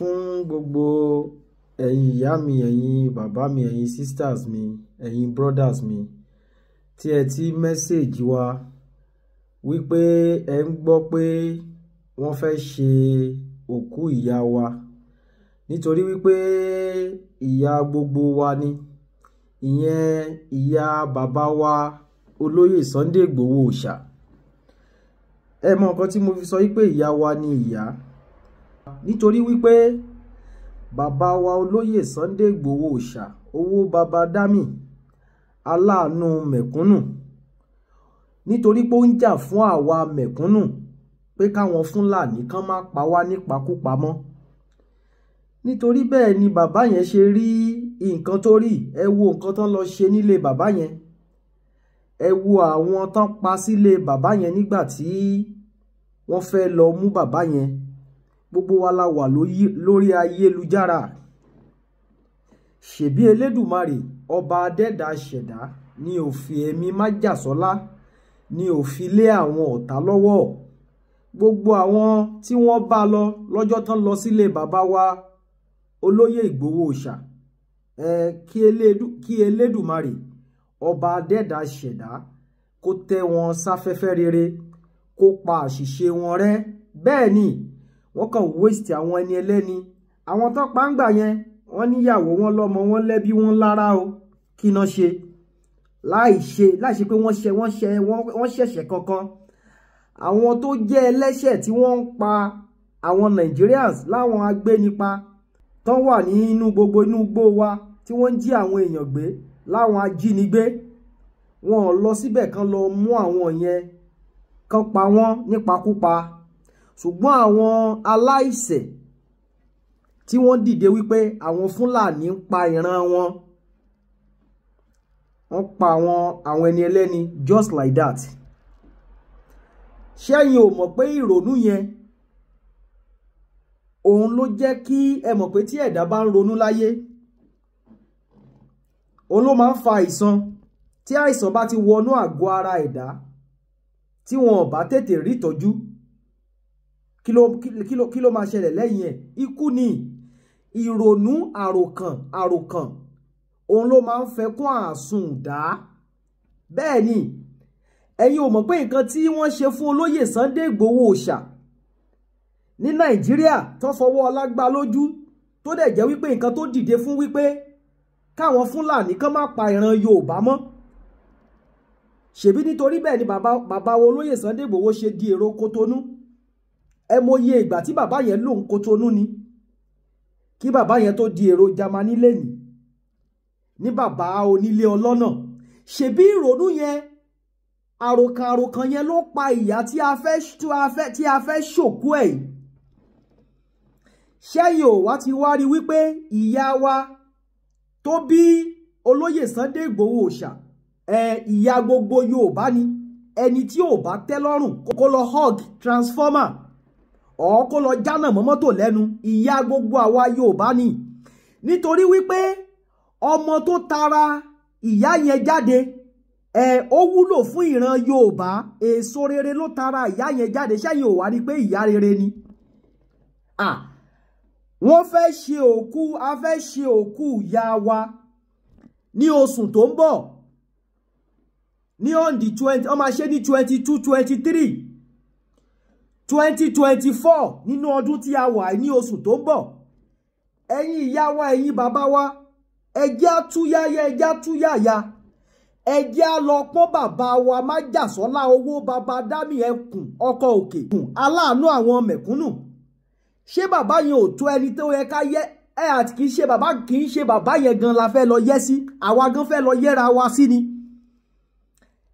fún gbogbo ẹ̀yin ìyá mi ẹ̀yin bàbá mi ẹ̀yin sisters mi ẹ̀yin brothers mi tí ẹ ti mẹ́sẹ̀gì wa wípé ẹ ń gbọ́ pé wọ́n fẹ́ ṣe òkú ìyá wa nítorí wípé ìyá gbogbo wa ni ìyẹn ìyá bàbá wa olóyè Sunday Igboho Òòṣà ẹ mọ nǹkan tí mo fi sọ wípé ìyá wa ni ìyá nítorí wípé bàbá wa olóyè Sunday Igboho Òòṣà owó baba dami aláàánú mẹ̀kúnnù nítorí pé ó ń jà fún àwa mẹ̀kúnnù pé káwọn fúlàní kan má pa wá nípakúpa mọ́ nítorí bẹ́ẹ̀ ni bàbá yẹn ṣe rí nǹkan tó rí ẹ wo nǹkan tán lọ ṣe nílé bàbá yẹn ẹ wo àwọn tán pa sílé bàbá yẹn nígbà tí wọ́n fẹ́ lọ mú bàbá yẹn gbogbo wa la wà lórí ayélujára ṣèbí elédùmarè ọba adẹ́dà ṣẹ̀dá ni ò fi ẹ̀mí májàsọ́lá ni ò fi lé àwọn ọ̀tá lọ́wọ́ gbogbo àwọn tí wọ́n bá lọ lọ́jọ́ tán lọ sílé bàbá wa olóyè Ìgbòho Òòṣà ẹ kí elédùmarè ọba adẹ́dà ṣẹ̀dá kó tẹ́ wọn sáfẹ́fẹ́ rere kó pa àṣìṣe wọn rẹ́ bẹ́ẹ̀ ni wọ́n kàn wéṣìtì àwọn ẹni ẹlẹ́ni àwọn tó pa ń gbà yẹn wọ́n níyàwó wọn lọ́mọ wọn lẹ́bí wọn lára o kí iná ṣe láì ṣe láì ṣe pé wọ́n ṣe wọ́n ṣe wọ́n ṣẹ̀ṣẹ̀ kankan àwọn tó jẹ́ ẹlẹ́ṣẹ̀ tí wọ́n ń pa àwọn Nigerians láwọn agbénipa tán wà ní gbogbo inú gbó wa tí wọ́n ń jí àwọn èèyàn gbé láwọn ajínigbé wọn lọ síbẹ̀ kan lọ mú àwọn yẹn kan pa wọ́n nípakúpa ṣùgbọ́n àwọn aláìṣẹ̀ tí wọ́n dìde wípé àwọn Fúlàní ń pa ìran wọn wọ́n pa àwọn àwọn ẹni ẹlẹ́ni just like that ṣẹ́yìn ò mọ̀ pé ìrònú yẹn òun ló jẹ́ kí ẹ mọ̀ pé tí ẹ̀dá bá ń ronú láyé òun ló máa ń fa àìsàn tí àìsàn bá ti wọnú àgọ́ ara ẹ̀dá tí wọn ò bá tètè rí ìtọ́jú kí ló kí ló kí ló máa ṣẹlẹ̀ lẹ́yìn ẹ̀ ikú ni ìrònú àròkàn àròkàn òun ló máa ń fẹkún àsùn dá bẹ́ẹ̀ ni ẹ̀yin ò mọ̀ pé nǹkan tí wọ́n ṣe fún olóyè Sunday Igboho Òòṣà ní Nàìjíríà tó fọwọ́ ọlá gbá lójú tó dẹ̀ jẹ́ wípé nǹkan tó dìde fún wípé káwọn Fúlàní kan má pa ìran Yorùbá mọ́ ṣèbí nítorí bẹ́ẹ̀ ni bàbá bàbá olóyè Sunday Igboho ṣe di èrò Kòtónú ẹ mọye ìgbà tí bàbá yẹn lòun Kotonu ni kí bàbá yẹn tó di èrò Jámánì lẹ́nu ní bàbá onílé ọlọ́nà ṣebí ìrònú yẹn àròkàn àròkàn yẹn ló pa ìyá tí a fẹ́ tí a fẹ́ ṣòkú ẹ̀ yìí ṣẹ́yìn ò wá ti wá wípé ìyá wa tó bí olóyè Sunday Ìgbòho òòṣà ẹ ìyá gbogbo Yorùbá ni ẹni tí ò bá tẹ́ lọ́rùn kó lọ hug transformer ọ̀ọ́ kó lọ jánà mọ́ mọ́tò lẹ́nu ìyá gbogbo àwa Yorùbá ni nítorí wípé ọmọ tó tara ìyá yẹn jáde ẹ ó wúlò fún ìran Yorùbá èso rere ló tara ìyá yẹn jáde sẹ́yìn ò wá rí pé ìyá rere ni wọ́n fẹ́ ṣe òkú a fẹ́ ṣe òkú ìyá wa ní oṣù tó ń bọ̀ ní on twenty wọ́n máa ṣe ní twenty two twenty three. 2024 nínú ọdún tí a wà ní oṣù tó ń bọ̀ ẹ̀yin ìyá wa ẹ̀yin bàbá wa ẹ̀jẹ̀ àtúnyáyá ẹ̀jẹ̀ àtúnyáyá ẹ̀jẹ̀ àlọ́pọ̀ bàbá wa májàsọ́lá owó bàbá dámì ẹkùn ọkọ̀ òkè aláàánú àwọn mẹ̀kúnnù ṣé bàbá yẹn ò tó ẹni tó yẹ ká yẹ ẹ àti kì í ṣe bàbá kì í ṣe bàbá yẹn gan la fẹ́ lọ yẹ sí àwa gan fẹ́ lọ yẹra wa sí ni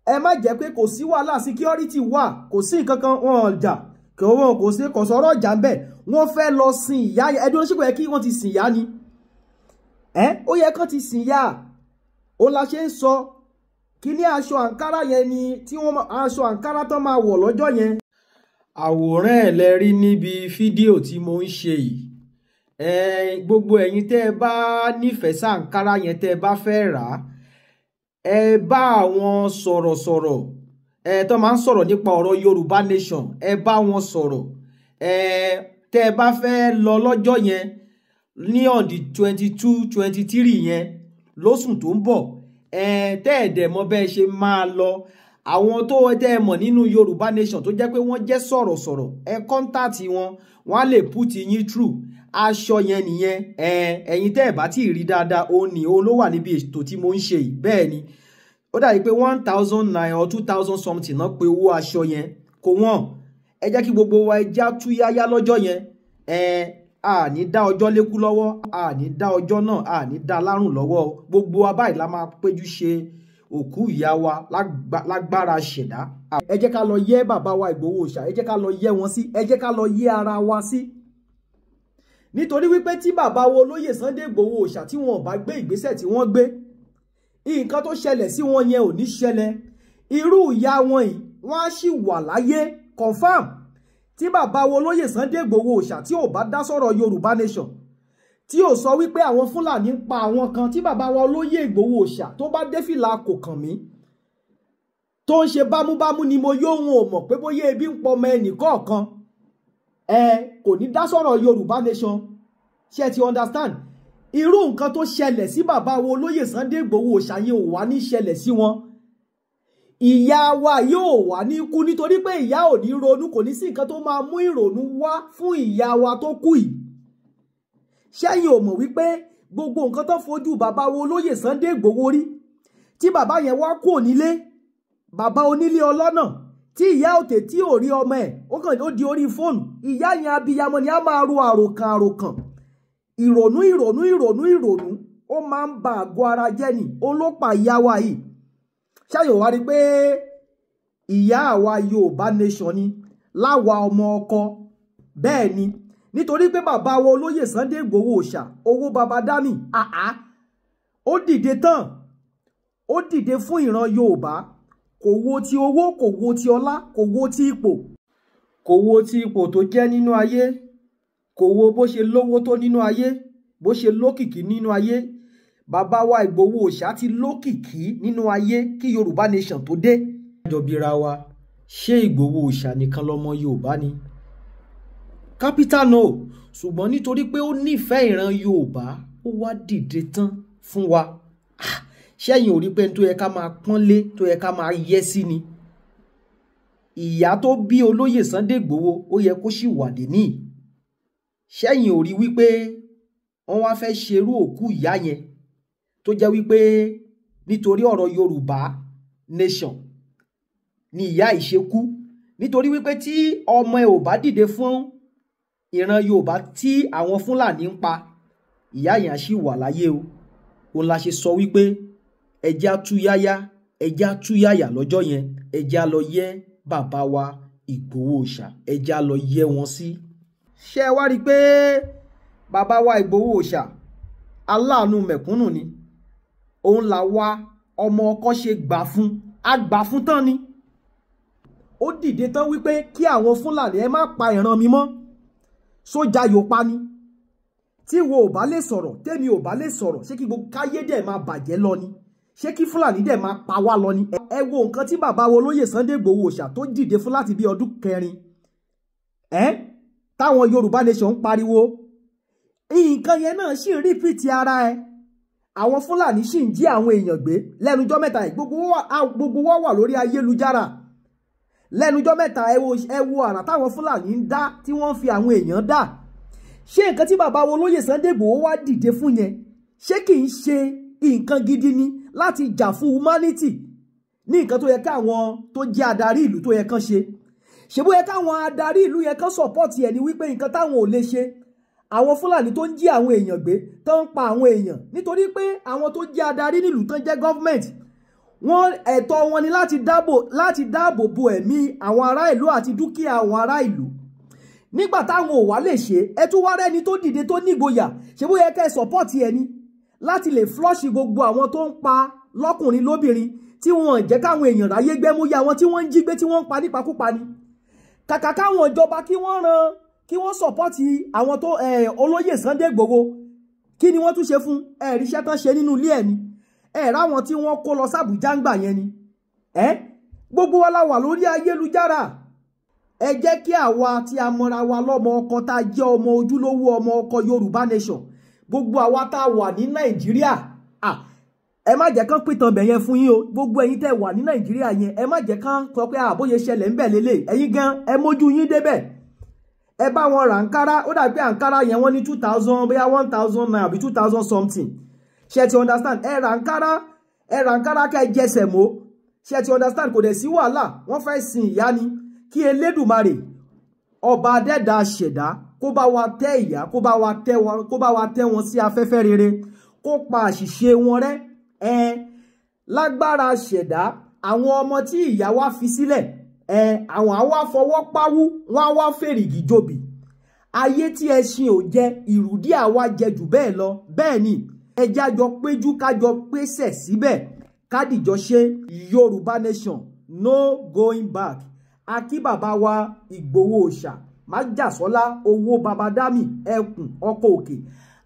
ẹ má jẹ́ pé kò sí wàhálà síkírọ́rìtì wà kò sí nǹkan kan wọn jà kò wọn kò sí kò sọ̀rọ̀ ọjà ń bẹ̀ wọ́n fẹ́ lọ sin ìyá yẹn ẹdún oníṣègùn yẹ kí wọ́n ti sin ìyá ni ẹ ó yẹ kán ti sin ìyá ó la ṣe ń sọ kí ní aṣọ àǹkárá yẹn ni tí wọ́n aṣọ àǹkárá tán máa wọ̀ lọ́jọ́ yẹn. àwòrán ẹ̀ lẹ rí níbi fídíò tí mo ń ṣe yìí ẹ gbogbo ẹ̀yin tẹ́ ẹ bá nífẹ̀ẹ́ sáǹkárá yẹn tẹ́ ẹ bá fẹ́ rà á ẹ bá àwọn sọ̀rọ̀sọ̀rọ̀ ẹ tó máa ń sọ̀rọ̀ nípa ọ̀rọ̀ Yorùbá nation ẹ bá wọn sọ̀rọ̀ ẹ tẹ́ ẹ bá fẹ́ lọ lọ́jọ́ yẹn ní ọ̀dì twenty two twenty three yẹn lóṣù tó ń bọ̀ ẹ tẹ́ ẹ dẹ̀ mọ̀ bẹ́ẹ̀ ṣe máa lọ àwọn tó tẹ́ ẹ mọ̀ nínú Yorùbá nation tó jẹ́ pé wọ́n jẹ́ sọ̀rọ̀sọ̀rọ̀ ẹ kọ́ńtàtì wọn wọ́n á lè put yín through aṣọ yẹn nìyẹn ẹ̀yin tẹ́ ẹ bá tí ì rí dáadáa ó ní ó ló wà níbi ètò tí mo ń ṣe yìí bẹ́ẹ̀ ni ó dàbí pé one thousand nine or two thousand something náà pé owó aṣọ yẹn kò wọ́n ẹ jẹ́ kí gbogbo wa ẹja tú yáyá lọ́jọ́ yẹn ẹ a ní dá ọjọ́ lékú lọ́wọ́ a ní dá ọjọ́ náà a ní dá lárùn lọ́wọ́ gbogbo wa báyìí la máa péjú ṣe òkú ìyá wa lágbára ṣẹ̀dá. ẹ jẹ́ ká lọ yẹ́ bàbá wa Ìgbòho Òòṣà ẹ jẹ́ ká lọ yẹ́ wọn sí ẹ jẹ́ ká lọ yẹ́ ara wa sí. nítorí wípé tí bàbá wo olóyè Sunday Ìgbòho Òòṣà tí wọn ò bá gbé ìgbésẹ̀ tí wọ́n gbé nǹkan tó ṣẹlẹ̀ sí wọn yẹn ò ní ṣẹlẹ̀ irú ìyá wọn yìí wọ́n á sì wà láyé confam tí bàbá wo lóyè Sunday Igboho òòṣà tí ò bá dá sọ̀rọ̀ Yorùbá nation tí ò sọ wípé àwọn Fúlàní ń pa àwọn kan tí bàbá wa olóyè Ìgbòho òòṣà tó bá dé fìlà kò kàn mí tó ń ṣe bámúbámú ni mo yóò hun ò mọ̀ pé bóyá ebi ń pọ ọmọ ẹnì kọ̀ọ̀kan ẹ kò ní dá sọ̀rọ̀ Yorùbá nation ṣé ti understand irú nǹkan tó ṣẹlẹ̀ sí bàbá wo olóyè Sunday Igboho ṣàyẹ̀ ò wá ní ṣẹlẹ̀ sí wọn ìyá wa yóò wá ní kú nítorí pé ìyá ò ní ronú kò ní sí nǹkan tó máa mú ìrònú wá fún ìyá wa tó kú yìí ṣẹ́yìn ò mọ̀ wípé gbogbo nǹkan tó fojú bàbá wo olóyè Sunday Igboho rí tí bàbá yẹn wá kú onílé bàbá onílé ọlọ́nà tí ìyá òtè tí ò rí ọmọ ẹ̀ ó kàn ó di orí fóònù ìyá yẹn abiyamọ ni a máa ro àròkàn àròkàn ìrònú ìrònú ìrònú ìrònú ó máa ń ba àgọ́ ara jẹ́ ni olópa ìyá wa yìí ṣáyọ̀ wá rí pé ìyá àwa Yorùbá nation ni láwa ọmọ ọkọ bẹ́ẹ̀ ni nítorí pé bàbá wa olóyè Sunday Igboho Òòṣà owó baba dami àá ó dìde tán ó dìde fún ìran Yorùbá kò wo ti owó kò wo ti ọlá kò wo ti ipò kò wo ti ipò tó jẹ́ nínú ayé kò wo bó ṣe lówó tó nínú ayé bó ṣe lókìkí nínú ayé bàbá wa Ìgbòho Òòṣà ti lókìkí nínú ayé kí Yorùbá nation tó dé. ìjọbìra wa ṣé Ìgbòho Òòṣà nìkan lọmọ Yorùbá ni capital no ṣùgbọ́n nítorí pé ó nífẹ̀ẹ́ ìran Yorùbá ó wá dìde tán fún wa ah, ṣẹ́yìn ò rí pé tó yẹ ká máa pọ́nlé tó yẹ ká máa yẹ́ sí ni ìyá tó bí olóyè Sunday Igboho ó yẹ kó sì wà dé níyì ṣẹ́yìn ò rí wípé wọ́n wá fẹ́ ṣerú òkú ìyá yẹn tó jẹ́ wípé nítorí ọ̀rọ̀ Yorùbá nation ni ìyá ìṣekú nítorí wípé tí ọmọ ẹ ò bá dìde fún ìran Yorùbá tí àwọn Fúlàní ń pa ìyá yẹn sì wà láyé o òun la ṣe sọ wípé ẹjẹ́ àtúyáyá ẹjẹ́ àtúyáyà lọ́jọ́ yẹn ẹjẹ́ á bàbá wa Ìgbòho ṣà ẹjẹ́ á wọn sí. Si ṣé wá rí i pé bàbá wa Ìgbòho Òòṣà aláàánú mẹ̀kúnnù ni òun là wá ọmọ ọkọ ṣe gbà fún àgbà fún tán ni ó dìde tán wípé kí àwọn Fúlàní ẹ má pa ìran mi mọ́ sójà yóò pa ni tí wo ò bá lè sọ̀rọ̀ tẹ́mi ò bá lè sọ̀rọ̀ ṣé kí gbogbo káyé dẹ̀ máa bàjẹ́ lọ ni ṣé kí Fúlàní dẹ̀ máa pa wá lọ ni. ẹ wo nǹkan tí bàbá wo lóyè Sunday Igboho Òòṣà tó dìde fún láti bí ọdún kẹrin ẹ táwọn Yorùbá nation ń pariwo nǹkan yẹn náà sì rípìtì ara ẹ àwọn Fúlàní sì ń jí àwọn èèyàn gbé lẹ́nujọ́ mẹ́ta yìí gbogbo wọ́n wà lórí ayélujára lẹ́nujọ́ mẹ́ta ẹ wo àrà táwọn Fúlàní ń dá tí wọ́n fi àwọn èèyàn dá ṣé nǹkan tí bàbá wo lóyè Sunday wá dìde fún yẹn ṣé kì í ṣe nǹkan gidi ni láti jà fún humanity ní nǹkan tó yẹ káwọn tó jẹ́ adarí ìlú tó yẹ kán ṣe ṣèbó yẹ káwọn adarí ìlú yẹn kán sọ̀pọ̀tì ẹ̀ ní wípé nǹkan táwọn ò lè ṣe àwọn fúlàní tó ń jí àwọn èèyàn gbé tó ń pa àwọn èèyàn nítorí pé àwọn tó jẹ́ adarí nílùú tán jẹ́ gọ́fmẹ̀ntì wọn ẹ̀tọ́ wọn ni láti dáàbò láti dáàbò bo ẹ̀mí àwọn ará ìlú àti dúkìá àwọn ará ìlú nígbà táwọn ò wá lè ṣe ẹ tún wá rẹ́ni tó dìde tó nígboyà ṣèbó yẹ kẹ́ ẹ sọ̀pọ̀tì ẹni láti lè flọ́ọ̀ṣì gbogbo àwọn tó ń pa lọ́kùnrin lóbìnrin tí wọn jẹ́ káwọn èèyàn ráyé gbẹ́múyà wọn tí wọ́n ń jí gbé tí wọ́n ń pa nípakúpa ni. Pa, kàkà káwọn ìjọba kí wọ́n ran kí wọ́n sọ̀pọ́tì àwọn tó eh, olóyè Sunday Igboho kí ni wọ́n tún ṣe fún ẹ̀rí iṣẹ́ tán ṣe nínú ilé ẹ̀ ni ẹ̀rá àwọn tí wọ́n kó lọ sàbújá ń gbà yẹn ni gbogbo wa la wà lórí ayélujára ẹ jẹ́ kí àwa tí a mọra wa lọ́mọ ọkọ tá a jẹ́ ọmọ ojúlówó ọmọ ọkọ Yorùbá nation gbogbo àwa tá a wà ní Nàìjíríà ẹ má jẹ́ kán pìtàn bẹ̀ yẹn fún yín o gbogbo ẹ̀yin tẹ́ wà ní nàìjíríà yẹn ẹ má jẹ́ kán sọ pé àbóyè ṣẹlẹ̀ ńbẹ̀ lélẹ̀ ẹ̀yin gan ẹ mójú yín débẹ̀ ẹ bá wọn ra ankara ó dàbí ankara yẹn wọ́n ní two thousand bóyá one thousand naira àbí two thousand something ṣe ti understand ẹ ra ankara ẹ ra ankara ká ẹ jẹsẹ̀ mọ́ ṣe ti understand kò dẹ̀ sí wàhálà wọ́n fẹ́ sin ìyá ni kí elédùmarè ọba adẹ́dàá ṣẹ̀dá kó bá wa tẹ́ ìyá kó bá wa tẹ́ wọn sí afẹ́fẹ́ rere kó pa àṣìṣe wọn rẹ́ ẹn lágbára ṣẹ̀dá àwọn ọmọ tí ìyá wa fi sílẹ̀ ẹn àwọn àwa fọwọ́ páwú wọn wá fèrègì jòbì ayé tí ẹṣin ò jẹ ìrùdí àwa jẹ jù bẹ́ẹ̀ lọ bẹ́ẹ̀ ni ẹjá jọ péjú kájọ pésẹ̀ síbẹ̀ kádìjọ ṣe Yorùbá nation no going back akí bàbá wa Ìgbòho òòṣà májàsọ́lá owó babadami ẹkùn ọkọ̀ òkè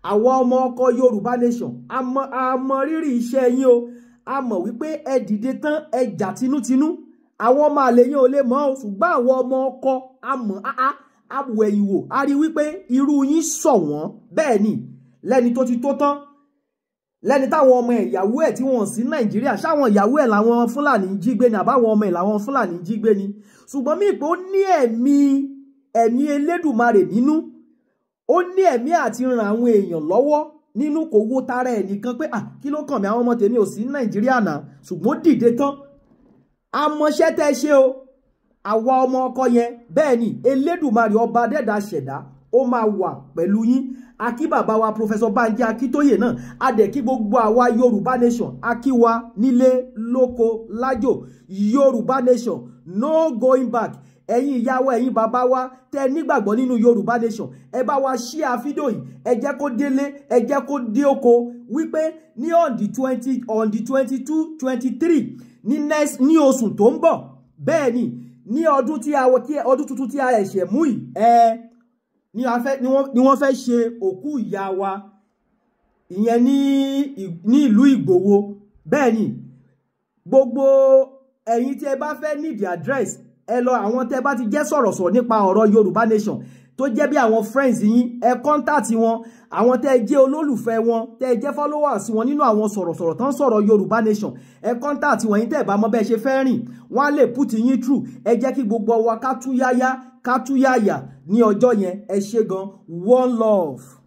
àwa ọmọ ọkọ yorùbá nation a mọ rírì iṣẹ́ yín o a mọ̀ wípé ẹ dìde tán ẹ jà tinútinú àwọn ọmọ àlè yín ò lè mọ̀ ọ́ ṣùgbọ́n àwọn ọmọ ọkọ a mọ̀ áá a wò ẹ̀yìn wò a rí wípé irú yín sọ̀ wọ́n bẹ́ẹ̀ ni lẹ́ni tó ti tó tán lẹ́ni táwọn ọmọ ẹ̀ ìyàwó ẹ̀ tí wọ́n sí nàìjíríà ṣáwọn ìyàwó ẹ̀ làwọn fúlàní ń jí gbé ni àbáwọn ọmọ ẹ̀ làwọn fúlàní ń jí gbé ni ṣùgbọ́n mí pé ó ní ẹ̀mí ẹ̀mí elédùmarè nínú ó ní ẹ̀mí àti ran àwọn èèyàn lọ́wọ́ nínú kò wo tara ẹ̀ nìkan pé ah kí ló kàn mí àwọn ọmọ tèmi ò sí ní nàìjíríà náà ṣùgbọ́n dìde tán amọ̀ṣẹ́ tẹ́ ṣe o àwa ọmọ ọkọ yẹn bẹ́ẹ̀ ni elédùmarè ọba dẹ́dà ṣẹ̀dá ó máa wà pẹ̀lú yín akí bàbá wa professor Banji Akíntóyè náà adẹ̀kí gbogbo àwa Yorùbá nation akíwa nílé lóko lájò Yorùbá nation no going back ẹ̀yin ìyá wa ẹ̀yin bàbá wa tẹ́ ẹ nígbàgbọ́ nínú Yorùbá nation ẹ bá wa share fídíò yìí ẹ jẹ́ kó délé ẹ jẹ́ kó dé oko wípé ní on the twenty on the twenty two twenty three ní next ní oṣù tó ń bọ̀ bẹ́ẹ̀ ni ní ọdún tí a ọdún tuntun tí a ẹ̀ṣẹ̀ mú yìí ẹ ni wọ́n fẹ́ ṣe òkú ìyá wa ìyẹn ní ìlú Ìgbòho bẹ́ẹ̀ ni gbogbo ẹ̀yin tí ẹ bá fẹ́ need the address ẹ lọ àwọn tẹ́ bá ti jẹ́ sọ̀rọ̀sọ̀rọ̀ nípa ọ̀rọ̀ Yorùbá Nation tó jẹ́ bí àwọn friends yín ẹ kọ́ńtàtì wọn àwọn tẹ́ ẹ jẹ́ olólùfẹ́ wọn tẹ́ ẹ jẹ́ followers wọn nínú àwọn sọ̀rọ̀sọ̀rọ̀ tán sọ̀rọ̀ Yorùbá Nation ẹ kọ́ńtàtì wọn yín tẹ́ ẹ bá mọ bẹ́ẹ̀ ṣe fẹ́ rìn wọ́n á lè put yín through ẹ jẹ́ kí gbogbo wa ká tú yáyá ká tú yáyà ní ọjọ́ yẹn ẹ ṣe gan one love.